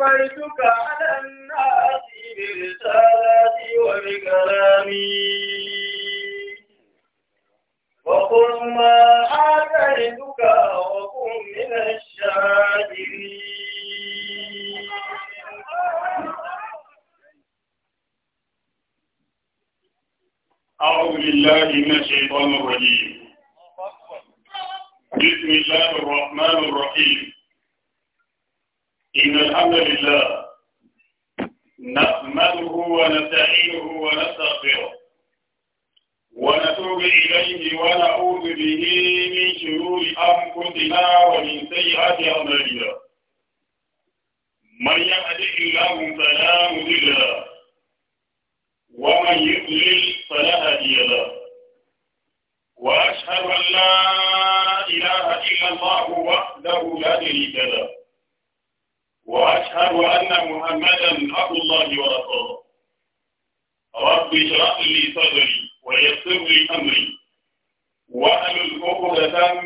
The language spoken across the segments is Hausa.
كفيتك على الناس برسالتي وبكلامي وقل ما آتيتك وكن من الشاكرين أعوذ بالله من الشيطان الرجيم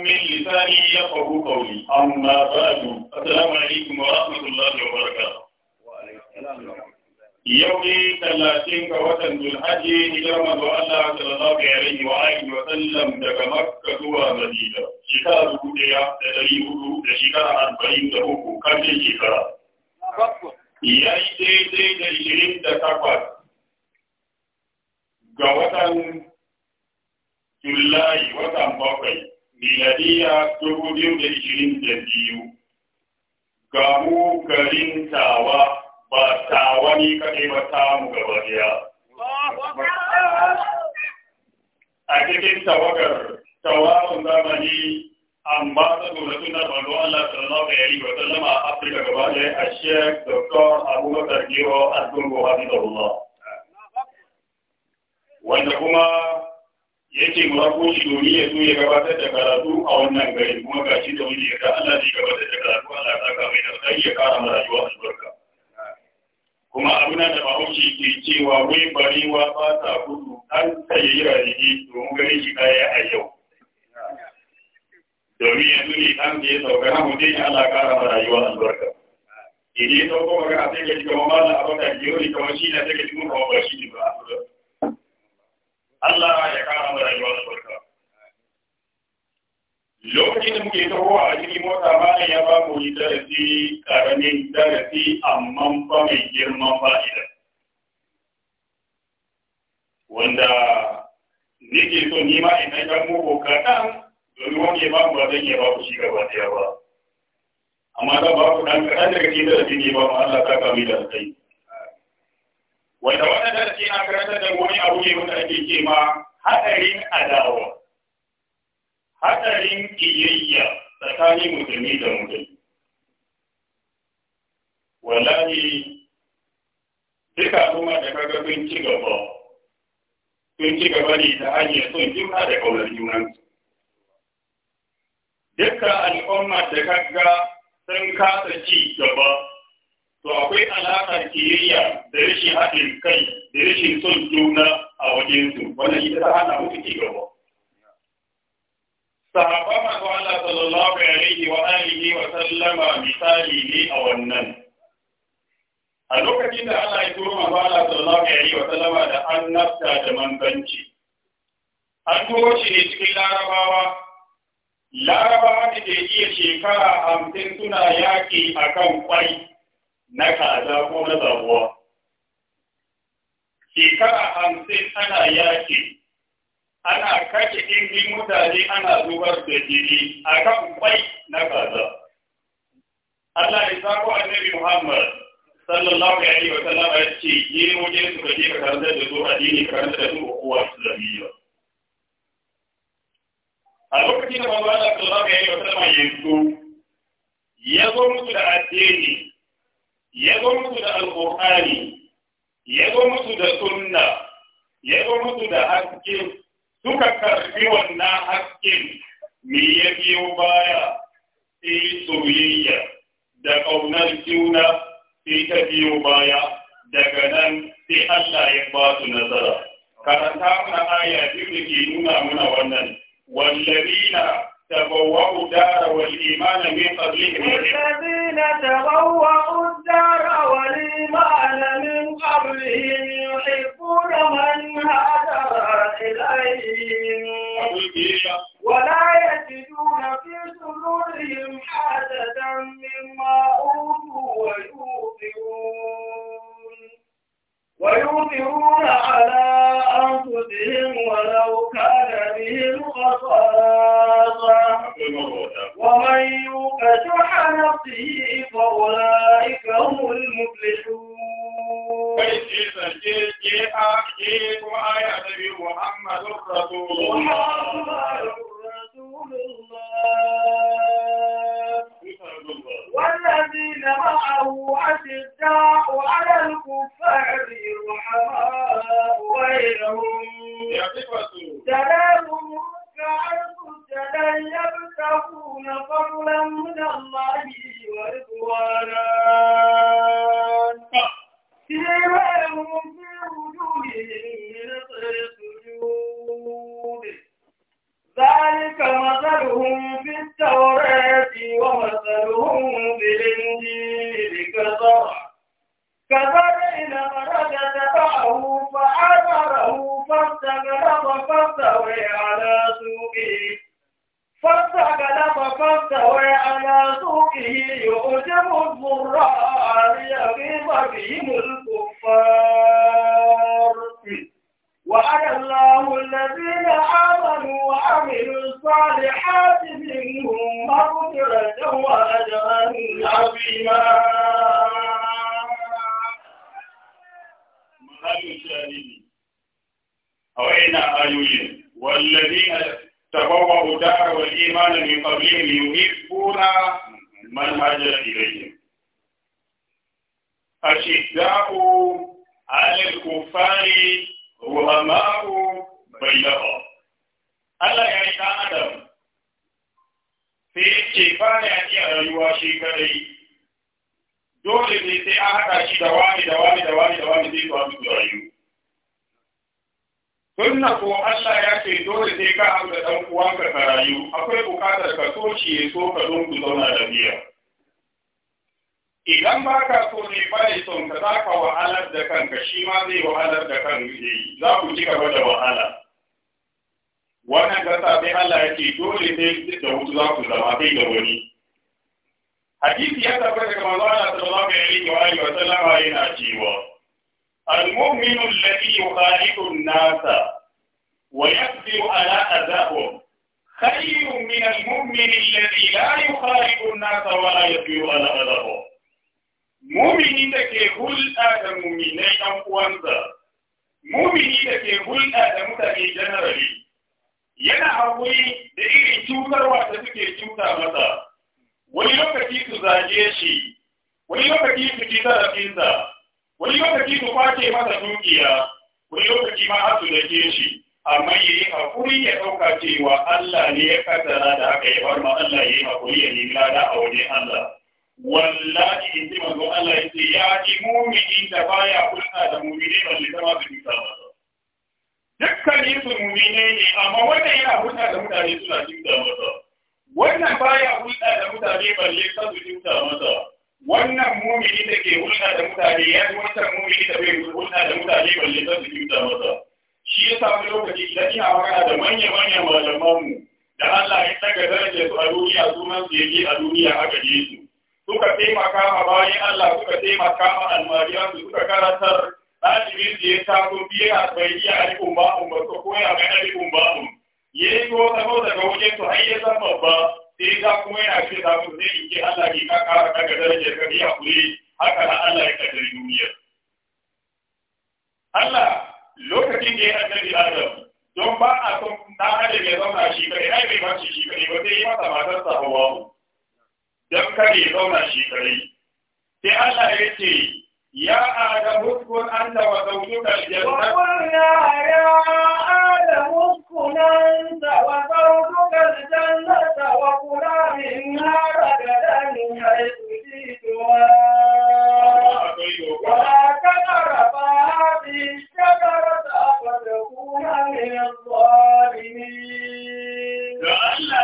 من لساني يفقه قولي أما بعد السلام عليكم ورحمة الله وبركاته يومي ثلاثين كوتن ذو الحج هجرة الله صلى الله عليه وآله وسلم دك مكة ومدينة شكرا بوديا تدري هدو شكرا أربعين دهوكو كم شكرا يا إيدي إيدي da ishirin da takwas ga watan Julai watan bakwai biladiya dubu biyu da ishirin da biyu ga mu garin tawa ba tawa ne kaɗai ba tamu gaba daya a cikin tawagar tawarin zamani amma zuwa suna bando Allah sallallahu alaihi wa zama a Afirka gaba ɗaya a Sheikh Dr. Abubakar Giro Azungo Hafizahullah wanda kuma yake murakoshi domin ya zo ya gabatar da karatu a wannan gari kuma ga shi da wani yarda Allah zai gabatar da karatu Allah ya mai da sai ya kara marayuwa a albarka kuma abuna da bahaushe ke cewa wai bari ba ta gudu har ta yi rarrabe domin ganin shi kaya a yau domin yanzu ne an da ya sauka na mutum ya Allah kara marayuwa rayuwa albarka idan ya sauko magana sai ka ji kamar malam abaka ke wani kamar shi ne sai ka ji mun ba shi amman fa mai girman fa'ida wanda nike so nima ma idan ɗan muku kaɗan domin wani ya baku ba zan iya baku shi gaba ɗaya ba amma ba ku ɗan kaɗan daga cikin darasi ne ba mu Allah ta kami da kai wanda wannan darasi na karantar da wani abu ne wanda ake ce ma haɗarin adawa haɗarin iyayya tsakanin mutane da mutane. wallahi duka kuma da kaga sun ci gaba sun ci gaba ne ta hanyar son juna da kaunar junansu duka al'umma da kaga sun kasa ci gaba to akwai alaƙar kiyayya da rashin haɗin kai da rashin son juna a wajensu wannan ita ta hana musu ci gaba Sahaba manzo Allah sallallahu alaihi wa alihi wa sallama misali ne a wannan a lokacin da Allah ya turo manzo Allah sallallahu alaihi wa sallama da annabta da manzanci an turo shi ne cikin larabawa larabawa da ke iya shekara hamsin suna yaƙi a kan kwai na kaza ko na zabuwa shekara hamsin ana yaƙi ana kashe ɗimbin mutane ana zubar da jini a kan kwai na kaza Allah ya sako annabi Muhammad sallallahu alaihi wa sallam ya ce je wajen su kaje ka karanta da su addini ka karanta da su kowa su zabi ba a lokacin da manzo Allah sallallahu alaihi wa sallam ya yanzu, ya zo musu da addini ya zo musu da alqur'ani ya zo musu da sunna ya zo musu da haske suka karbi wannan hasken me ya biyo baya sai soyayya da ƙaunar juna sai ta biyo baya daga nan sai Allah ya ba su nazara. Karanta mana aya biyu da ke nuna muna wannan. Wallabina تبوأوا الدار والإيمان من قبلهم الذين تبوأوا الدار والإيمان من قبلهم يحبون من هاجر من الله ورضوانا بهم الكفار وعلى الله الذين آمنوا وعملوا الصالحات منهم مغفرة وأجرا عظيما أوينا آيوين والذين تبوأوا الدار والإيمان من قبلهم يحبون من هاجر إليهم ashidda'u 'alal kufari ruhama'u bainahum Allah ya yi ɗan sai ce ba ya rayuwa shi kadai dole ne sai an haɗa shi da wani su rayu. ko Allah ya ce dole sai ka abu da ɗan uwanka ka rayu akwai bukatar ka so ya so ka don ku zauna da biya. idan ba ka so ne bai son ka za ka wahalar da kanka shi ma zai wahalar da kan yi za ku ci gaba da wahala wannan ta sai Allah ya ce dole sai da hutu za ku zama sai da wani hadisi ya tabbata daga Allah sallallahu alaihi wa alihi wa sallama yana cewa المؤمن الذي يخالف الناس ويقدر على أذاهم خير من المؤمن الذي لا يخالف الناس ولا يقدر على أذاهم mumini da ke hulɗa da muminai ɗan uwansa mumini da ke hulɗa da mutane janarali yana haƙuri da irin cutarwa da suke cuta masa wani lokaci su zage shi wani lokaci su ci zarafinsa wani lokaci su kwace masa dukiya wani lokaci ma har su dake shi amma ya yi haƙuri ya ɗauka cewa Allah ne ya kaddara da haka ya bar ma Allah ya yi haƙuri ya nemi lada a wajen Allah wallahi in ji manzo Allah ya ce ya ji mumini da baya hulɗa da mumini balle ta ma su bi ba dukkanin su mumine ne amma wannan yana hulɗa da mutane suna jinta masa wannan baya hulɗa da mutane balle ta su jinta masa wannan mumini da ke hulɗa da mutane ya ji wancan mumini da bai hulɗa da mutane balle ta su jinta masa shi ya samu lokaci idan ina magana da manya-manyan malamanmu da Allah ya saka darajar su a duniya sunan su yake a duniya haka Yesu. suka taimaka ma bayan Allah suka taimaka ma almariya su suka karatar ɗalibin da ya ko biye a bai a alikun ba'un ba su koya mai alikun ba'un ya yi ko sabo daga wajen su har ya san babba sai za kuma yana ce za mu zai in Allah ke ka kara daga darajar ka biya kuri haka na Allah ya kaddari duniyar. Allah lokacin da ya annabi Adam don ba a son ɗan adam ya zauna shi kare ai bai ba shi shi kare ba sai ya masa matarsa hawa don kare zauna shi kadai sai Allah ya ce ya adamu kun anta wa zawjuka aljanna ya adamu kun anta wa zawjuka aljanna wa kula minha ragadan haythu shi'tuma ولا تقربا هذه الشجرة فتكونا من الظالمين. لأن لا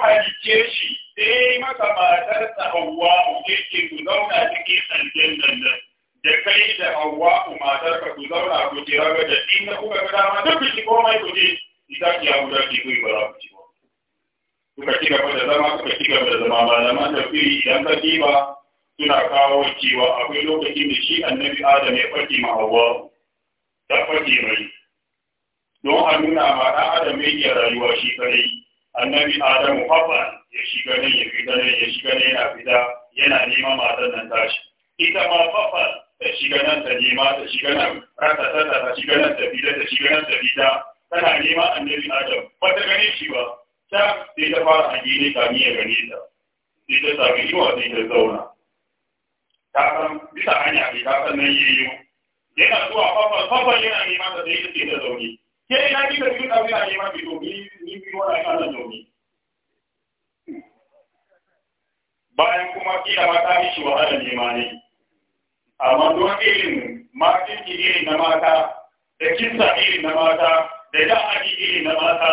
a shi. sai eh, maka matarsa Hawwa'u yake ku zauna cikin aljannan nan da kai da Hawwa'u matarka ku zauna ku je raga da in da kuka ga dama duk shi komai ku je idan ya wuce ki ku ba ku ci ba kuka ci gaba da zama kuka ci gaba da zama ba da malaman tafsiri idan ka ji diba suna kawo cewa akwai lokacin da shi annabi Adam ya fadi ma Hawwa'u ta fadi mai don a nuna ma ɗan Adam yake rayuwa shi kadai annabi adam fafa ya shiga nan ya fita ne, ya shiga nan yana fita yana neman matan nan tashi ita ma fafa ta shiga nan ta nema ta shiga nan rata ta ta shiga nan ta fita ta shiga nan ta fita tana neman annabi Adamu ba ta gane shi ba ta sai ta fara hange ne kamin ya gane ta sai ta sami yiwa sai ta zauna ta san bisa hanya ne ta san nan yayi yana zuwa fafa fafa yana neman ta sai ta ce ta zaune ke ina kika fito ta yana neman ki to ni bayan kuma kila mata mishi wahala nema ne amma don irin matin irin na mata da kinsa irin na mata da da'adi irin na mata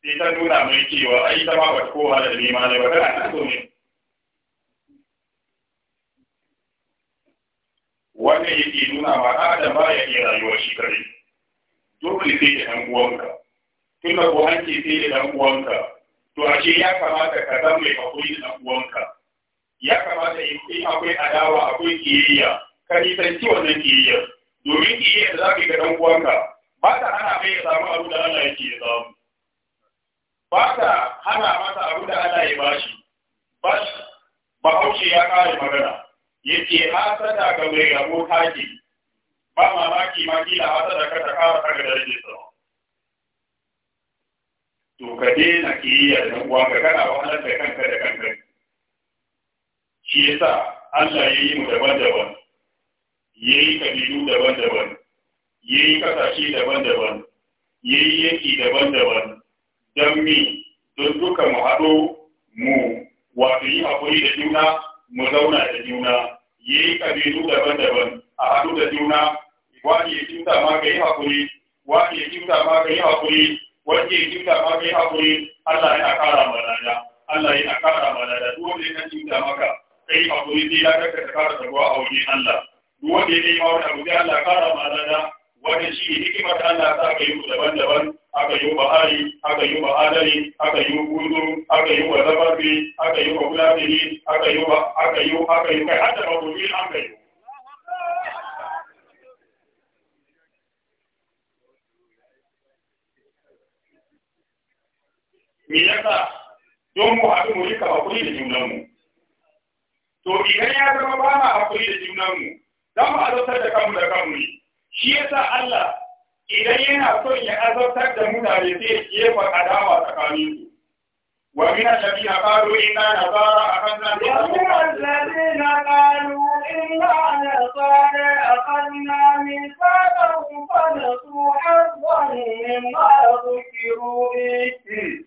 sai ta nuna mai cewa ai ta ma bata kowa da nema ne ba tana so ne wannan yake nuna ma adam ba ya iya rayuwa shi kare dole sai da ɗan uwanka tunda ko an sai da dan uwanka to ce ya kamata ka zama mai hakuri da uwanka ya kamata in akwai adawa akwai kiyayya ka nisanci wannan kiyayyar domin kiyayyar da za ka yi ga dan uwanka ba ta hana mai ya samu abu da Allah yake ya samu ba ta hana masa abu da Allah ya bashi bashi bahaushe ya kare magana yake hasada ga mai rabo kaji ba mamaki ma kila hasada ka ta kara ga darajar sa to ka yi a da uwa ka kana wahalar da kanka da kanka shi yasa Allah ya yi mu daban-daban ya yi kabilu daban-daban ya yi kasashe daban-daban ya yi yanki daban-daban don mi don duka mu haɗo mu wato yi haƙuri da juna mu zauna da juna ya yi kabilu daban-daban a haɗu da juna wani ya cuta ma ka yi haƙuri wani ya cuta ma ka yi haƙuri wanda ya da ma mai Allah ya ƙara malada Allah yana ƙara malada duk wanda ya da maka kai hakuri sai ya karka ka ƙara tabuwa a wajen Allah duk wanda yake ma wani abu sai Allah ƙara malada wanda shi ne da Allah ta aka yi daban-daban aka yi wa hari aka yi wa adali aka yi wa gudu aka yi wa zafarfi aka yi wa gulafiri aka yi wa aka yi aka yi kai ba da yi an kai me yasa don mu haɗu mu rika hakuri da junanmu to idan ya zama ba ma hakuri da junanmu za mu azabtar da kanmu da kanmu ne shi yasa Allah idan yana son ya azabtar da mutane sai ya jefa adawa tsakaninsu ومن الذين قالوا إنا نصارى أخذنا ومن الذين قالوا إنا نصارى أخذنا ميثاقهم فنسوا حظا مما ذكروا به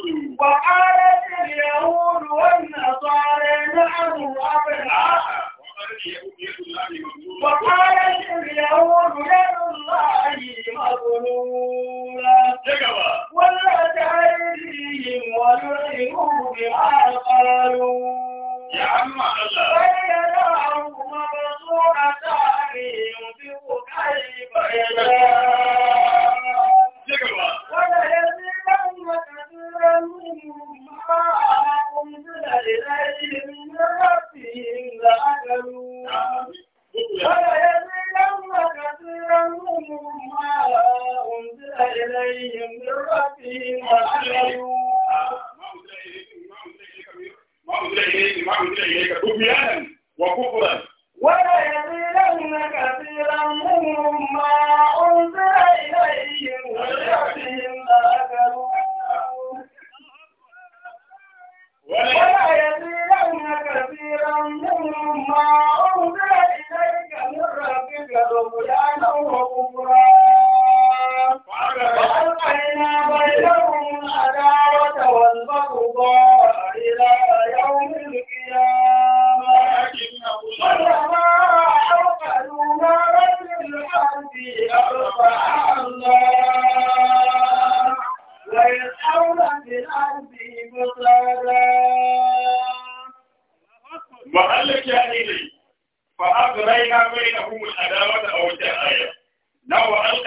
إليك ما أنزل إليك طغيانا وكفرا ولا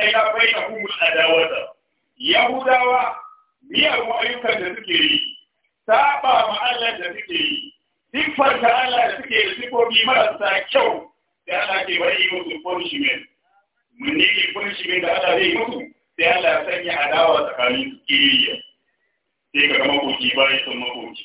ya bai na kuma adawata yahudawa miyar ayyukan da suke yi saba ma Allah da suke yi siffar da Allah da suke yi siffofi marasa kyau da Allah ke bari yi musu punishment mun yi punishment da Allah zai musu sai Allah ya sanya adawa tsakanin su kiriya sai ka ga makoki bayan son makoki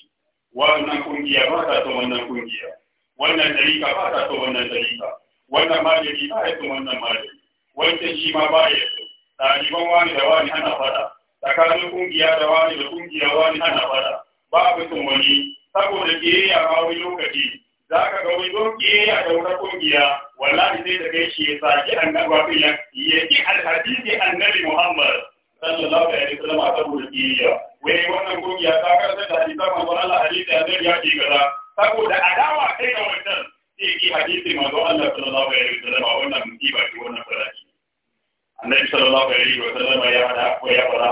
wannan kungiya ba ta son wannan kungiya wannan dalika ba ta son wannan dalika wannan malami ba ya son wannan malami wancan shi ma ba ya so ɗaliban wani da wani ana fada tsakanin kungiya da wani da kungiya wani ana fada ba a mutum wani saboda kiyayya ma wani lokaci za ka ga wani don kiyayya da wata kungiya wallahi sai da kai shi ya saki annabi wato ya yi alhadisi annabi Muhammad sallallahu alaihi wasallam saboda kiyayya wai wannan kungiya ta karanta da ma manzo Allah hadisi annabi ya ce gaza. saboda adawa kai da wannan sai ki hadisi zo Allah sallallahu alaihi sallama ya hada ko ya faɗa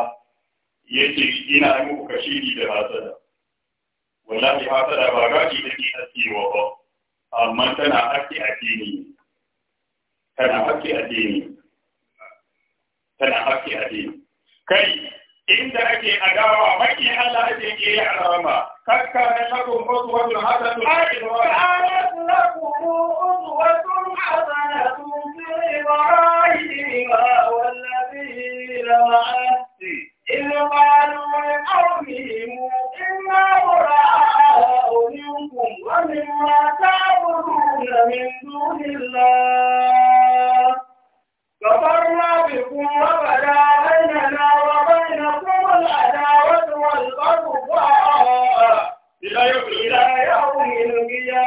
yace ina muku ni da hasada wallahi hasada ba gaji take wa ba amma tana haske dini. tana haske dini. tana haske dini. kai inda ake adawa maki Allah ake ke yi alama kakka na lakum uswatun hasanatun من دون الله كفرنا بكم وبدا بيننا وبينكم العداوة والبغضاء إلى يوم القيامة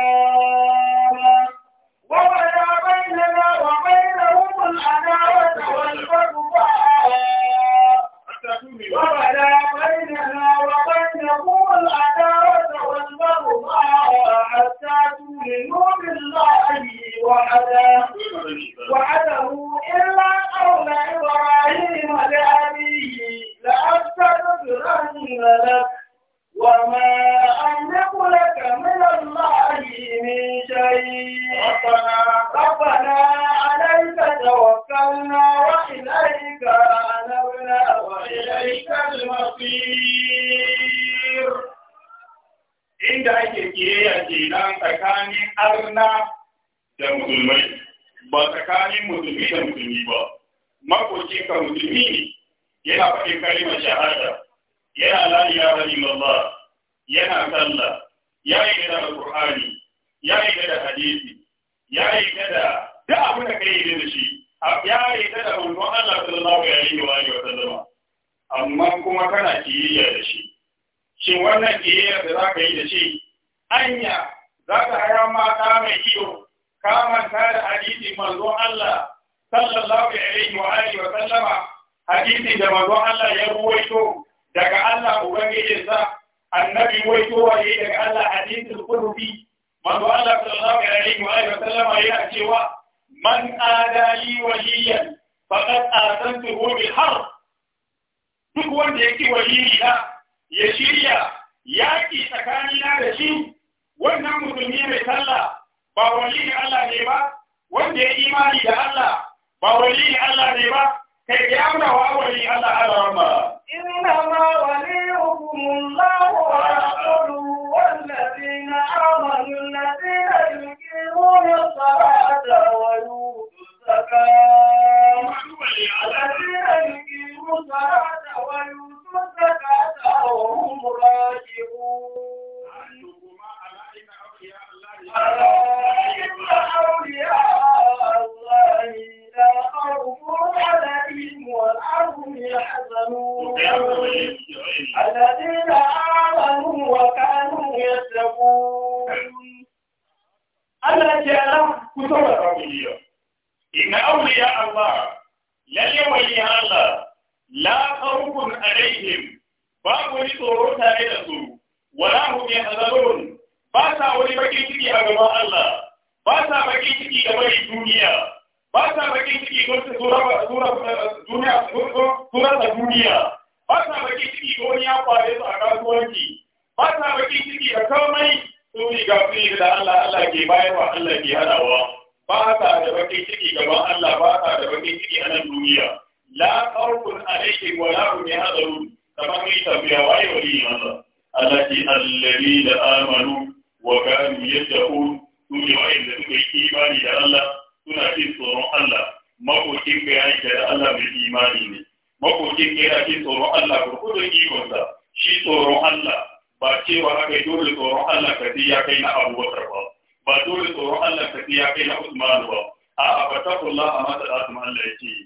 وبدا بيننا وبينهم العداوة والبغضاء وبدا بيننا وبينكم العداوة حتى تؤمنوا بالله وحده وحده إلا قول إبراهيم لأبيه لأستغفرن لك وما أملك لك من الله من شيء ربنا ربنا عليك توكلنا وإليك أنبنا وإليك المصير kiyayya ke nan tsakanin arna da musulmai ba tsakanin musulmi da musulmi ba makoci ka musulmi yana faɗin kalimar shahada yana ya ilaha mamba yana kalla. ya yi da alqur'ani ya yi da hadisi ya yi da duk abin da kai yi da shi ya yi da manzon Allah sallallahu alaihi wa alihi wa sallama amma kuma kana kiyayya da shi shin wannan kiyayya da za ka yi da shi anya za ka haya mata mai iyo ka manta da hadisi manzo Allah sallallahu alaihi wa alihi wa sallama hadisi da manzo Allah ya ruwaito daga Allah sa annabi ruwaito wa yi daga Allah hadisi qudsi manzo Allah sallallahu alaihi wa alihi wa sallama ya cewa man adali waliyan faqad azantuhu bil har. duk wanda yake waliyi ya shirya yaƙi tsakanina da shi wannan musulmi mai sallah ba wali Allah ne ba wanda ya imani da Allah ba wali Allah ne ba kai ya mura wa wali Allah arama inna ma waliyukum Allah wa rasuluhu والذين آمنوا الذين يقيمون الصلاة ويؤتوا الزكاة الذين يقيمون الصلاة ويؤتوا الزكاة وهم راجعون Allah ya Allah ya Allah ke bayarwa Allah ke hadawa ba ka da bakin ciki gaban Allah ba ka da bakin ciki a nan duniya la khawfun alaihim wa la hum yahzanun kamar yi tafiya waye wali masa Allah ke allazi da amanu wa yadda yattaqun su ne wa'inda suka yi imani da Allah suna cin tsoron Allah makokin ka ya da Allah mai imani ne makokin ka cin tsoron Allah ko gurgudun ikonsa shi tsoron Allah ba cewa haka yi dole tsoron Allah ka ya kai na abubakar ba ya kai na Usman ba a a fata kullum a amma da Allah ya ce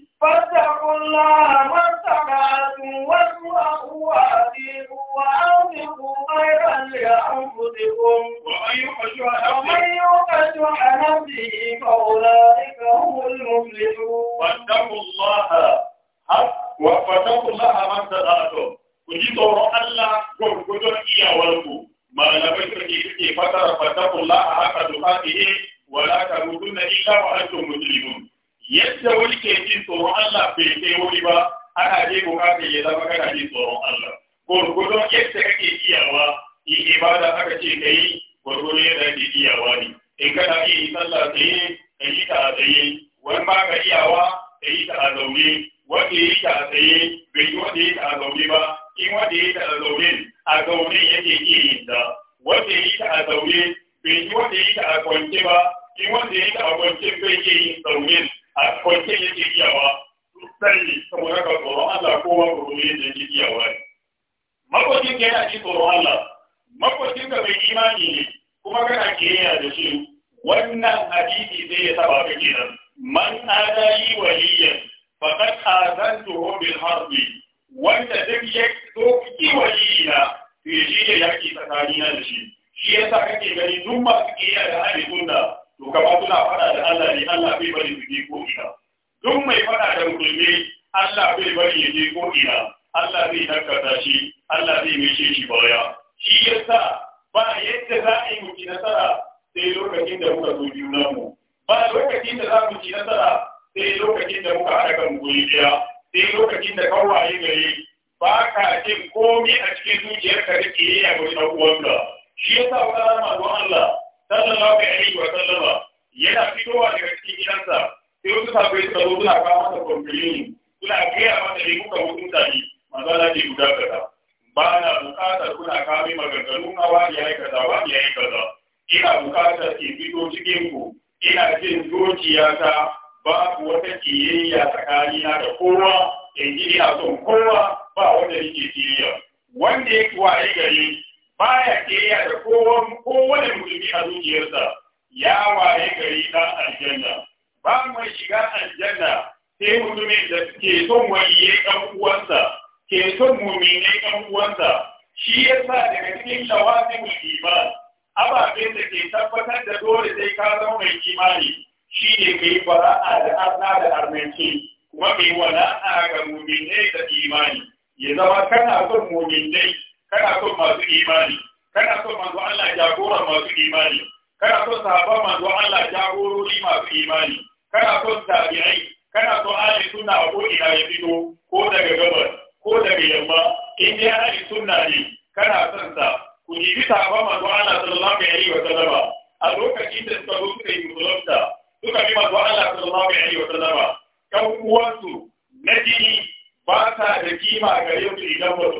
yadda wani ke jin tsoron Allah bai kai wani ba ana je ko bukatar ya zama kana jin tsoron Allah gurgudun yadda kake iyawa yi ibada aka ce ka yi gurgudun yadda kake iyawa ne in kana iya yi sallah tsaye ka yi ta a tsaye wani ba ka iyawa ka yi ta a zaune wanda ya yi ta a tsaye bai yi wanda ya yi ta a zaune ba in wanda ya yi ta a zaune a zaune yake iya yin ta wanda ya yi ta a zaune bai yi wanda ya yi ta a kwance ba in wanda ya yi ta a kwance bai iya yin zaune a kwanke yake iyawa sani saboda ka tsoron Allah da yake Allah bai imani ne kuma kana da shi wannan hadisi zai ya saba ka kenan man adali wanda duk ya doki waliyina yaki tsakanina da shi shi yasa kake gani duk masu kiyaye da alifun da. to kama suna faɗa da Allah ne Allah bai bari su je ko ina duk mai faɗa da musulmi Allah bai bari ya je ko ina Allah zai nakasa shi Allah zai mishe shi baya shi yasa ba yadda za a yi mu nasara sai lokacin da muka so juna mu ba lokacin da za mu ci nasara sai lokacin da muka haɗa kan guri ɗaya sai lokacin da kawaye gari ba ka jin komai a cikin zuciyarka da ke yi a wani ɗan uwanka shi yasa wata rana Allah sallallahu alaihi wa sallama yana fitowa daga cikin gidansa sai wasu sabai suka zo suna kawo masa kwamfilini suna gaya masa ne kuka hukunta ni manzala ce guda kaza ba na bukatar kuna kame maganganu na wani ya yi kaza wani ya yi kaza ina bukatar ke fito cikin ku ina jin zuciyata babu wata kiyayya tsakanina da kowa in ji ina son kowa ba wanda yake kiyayya wanda ya kuwa ya gari baya ya da kowon kowane musulmi a zuciyarsa ya waye gari na aljanna ba mu shiga aljanna sai mutumin da ke son ya ɗan uwansa ke son mumine ɗan uwansa shi ya sa daga cikin shawafin ba ababen da ke tabbatar da dole sai ka zama mai kimani. shi ne kai bara'a da arna da arnanci kuma kai wala'a ga ne da kimani. ya zama kana son ne kana son masu imani kana son manzo Allah jagoran masu imani kana son sahaba manzo Allah jagorori masu imani kana son tabi'ai kana son ahli sunna a ko ina ya fito ko daga gabar ko daga yamma in dai ahli sunna ne kana son sa ku nemi ba manzo Allah sallallahu alaihi wa sallam a lokacin da suka zo suka yi musulunta suka bi manzo Allah sallallahu alaihi wa sallam ƴan uwansu na jini ba sa da kima gare su idan ba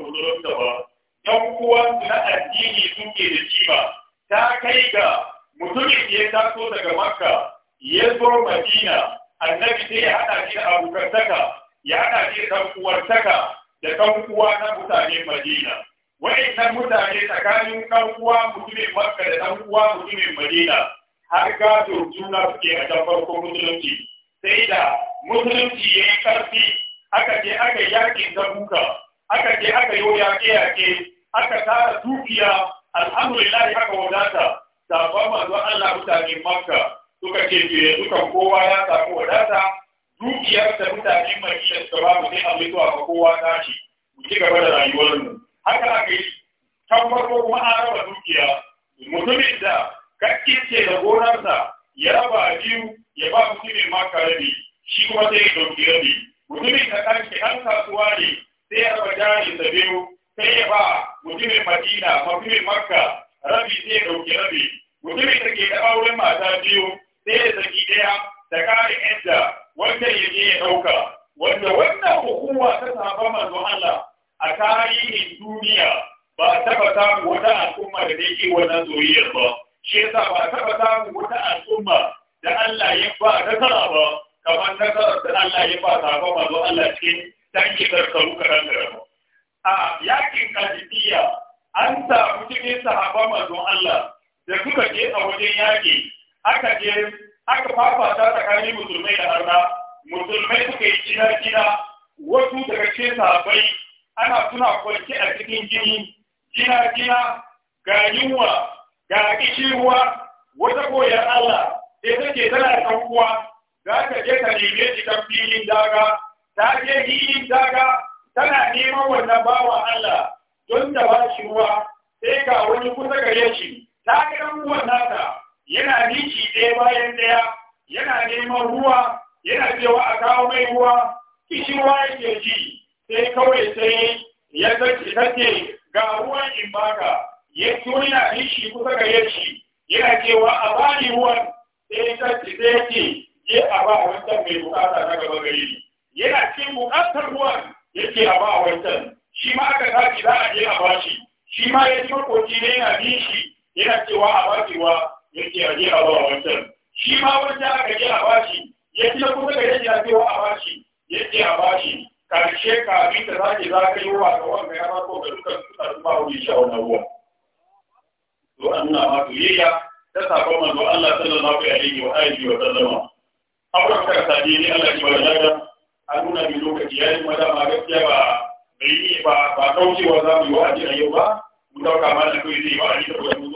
uwantaka da kan uwa na mutane Madina wa'annan mutane tsakanin kan uwa mutumin Makka da kan uwa mutumin Madina har gado juna suke a can farko musulunci sai da musulunci ya yi ƙarfi aka je aka yi yakin buka aka je aka yi yaƙe-yaƙe aka tara dukiya alhamdulillah aka wadata sabon manzon Allah mutane Makka suka ce fiye kowa ya samu wadata dukiyar da mutane madina suka ba mu sai a zuwa kowa ta mu ci gaba da rayuwar mu haka aka yi kan kuma an raba dukiya mutumin da ce da gonarsa ya raba biyu ya ba mutumin ma karabi shi kuma sai ya dauki rabi mutumin da kanki an kasuwa ne sai ya raba jari da biyu sai ya ba mutumin madina mutumin makka rabi sai ya dauki rabi mutumin da ke da auren mata biyu sai ya saki daya da ƙarin inda wanda ya je ya ɗauka wanda wannan hukuma ta saba manzo Allah a tarihin duniya ba a taba samun wata al'umma da take wannan zoyiyar ba shi yasa ba a taba samun wata al'umma da Allah ya ba nasara ba kamar nasarar da Allah ya ba saba manzo Allah cikin tanki karkaru karan karama a yakin kadidiyya an samu cikin sahaba manzo Allah da suka je a wajen yaƙi aka je aka fafata tsakanin musulmai da arna musulmai suka yi kina kina wasu daga cikin sabai ana suna kwanci a cikin gini gina gina ga yunwa ga kishirwa wata koyar Allah sai take tana da kuwa za ka je ka neme shi kan filin daga ta je filin daga tana neman wannan bawa Allah don da ba shi ruwa sai ga wani kusa gare shi ta ga ɗan nata yana niki ɗaya bayan ɗaya yana neman ruwa yana cewa a kawo mai ruwa kishirwa yake ji sai kawai sai ya take ga ruwan in baka ya na nishi kusa ga yashi yana cewa a bani ruwan sai ta ce sai ce je a ba wancan mai bukata na gaba gari yana cin bukatar ruwan yake a ba wancan shi ma aka tashi za a je a bashi shi ma ya ji makoci ne yana nishi yana cewa a bashi ruwa a a ba wancan shi ma wancan aka je a bashi ya ji kusa da yadda ya biyo a bashi ya ce a bashi karshe kafin ta zaki za ka yi wa ga wanda ya mako ga dukkan kusa su ba wuri sha wani ruwa to an nuna ma soyayya ta sakon manzo Allah sallallahu alaihi wa alihi wa sallama abuwa ka sadi ne Allah ki wala da A nuna mi lokaci yayin madama gaskiya ba bai ba ba kaucewa za mu yi wa'azi a yau ba mu dauka ma da kai zai yi wa'azi da wani